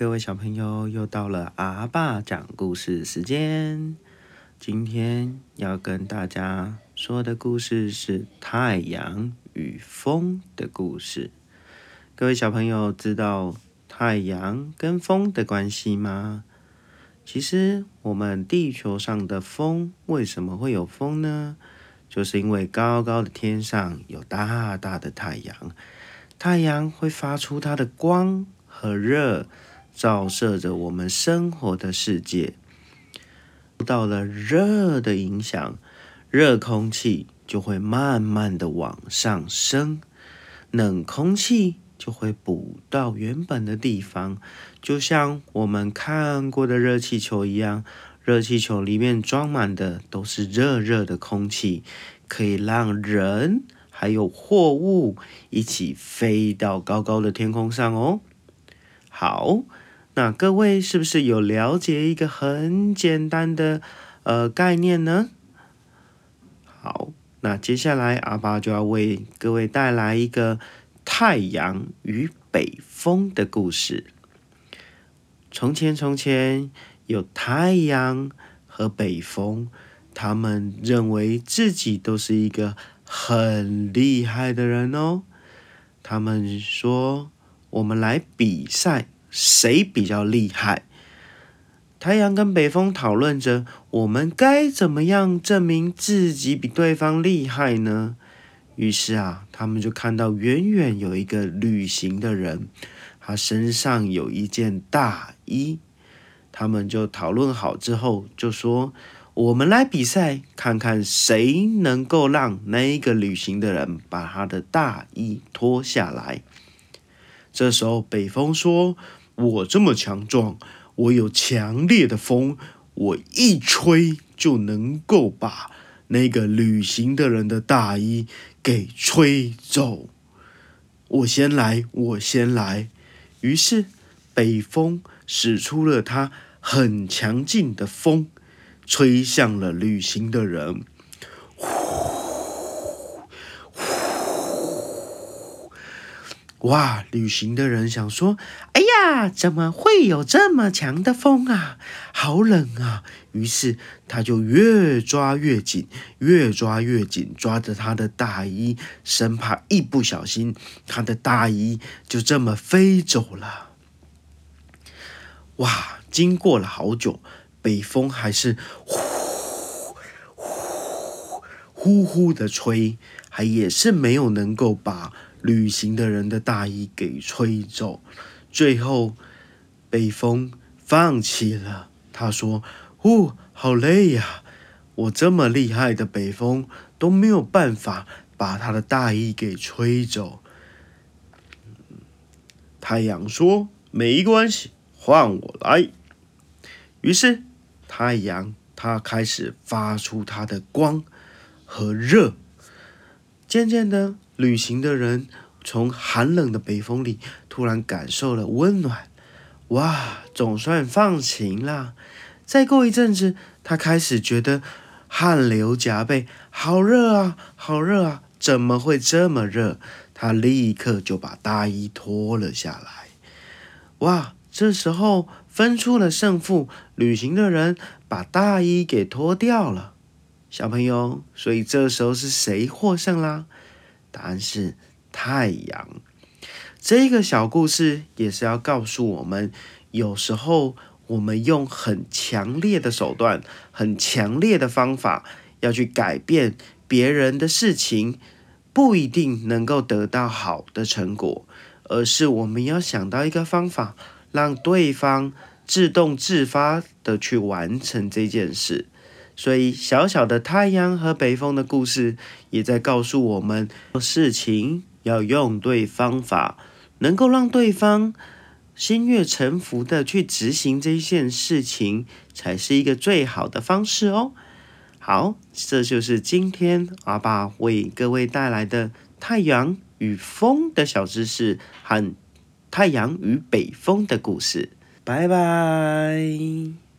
各位小朋友，又到了阿爸講故事時間。今天要跟大家說的故事是太陽與風的故事。各位小朋友知道太陽跟風的關係嗎？其實，我們地球上的風為什麼會有風呢？就是因為高高的天上有大大的太陽，太陽會發出它的光和熱。照射着我們生活的世界。受到了熱的影響，熱空氣就會慢慢的往上升，冷空氣就會補到原本的地方。就像我們看過的熱氣球一樣，熱氣球裡面裝滿的都是熱熱的空氣，可以讓人還有貨物一起飛到高高的天空上哦。好，那各位是不是有了解一個很簡單的呃概念呢？好，那接下來阿爸就要為各位帶來一個太陽與北風的故事。從前，從前有太陽和北風，他們認為自己都是一個很厲害的人哦。他們說，我們來比賽，誰比較厲害？太陽跟北風討論着，我們該怎麼樣證明自己比對方厲害呢？於是啊，他們就看到遠遠有一個旅行的人，他身上有一件大衣。他們就討論好之後，就說：“我們來比賽，看看誰能夠讓那個旅行的人把他的大衣脫下來。”這時候，北風說：“我這麼強壯，我有強烈的風，我一吹就能夠把那個旅行的人的大衣給吹走。我先來，我先來。”於是，北風使出了他很強勁的風，吹向了旅行的人。哇！旅行的人想說：“哎呀，怎麼會有這麼強的風啊？好冷啊！”於是他就越抓越緊，越抓越緊，抓着他的大衣，生怕一不小心他的大衣就這麼飛走了。哇！經過了好久，北風還是呼呼呼呼呼的吹，還也是沒有能夠把。旅行的人的大衣給吹走，最後北風放棄了。他說：“嗚，好累呀、啊！我這麼厲害的北風都沒有辦法把他的大衣給吹走。嗯”太陽說：“沒關係，換我來。”於是太陽它開始發出他的光和熱，漸漸的。旅行的人從寒冷的北風裡突然感受了溫暖，哇，總算放晴啦。再過一陣子，他開始覺得汗流浹背，好熱啊，好熱啊！怎麼會這麼熱？他立刻就把大衣脫了下來。哇，這時候分出了勝負，旅行的人把大衣給脫掉了。小朋友，所以這時候是誰獲勝啦？答案是太陽。這個小故事也是要告訴我們，有時候我們用很強烈的手段、很強烈的方法，要去改變別人的事情，不一定能夠得到好的成果，而是我們要想到一個方法，讓對方自動自發的去完成這件事。所以，小小的太陽和北風的故事，也在告訴我們：事情要用對方法，能夠讓對方心悅誠服的去執行這件事情，才是一個最好的方式哦。好，這就是今天阿爸為各位帶來的太陽與風的小知識和太陽與北風的故事。拜拜。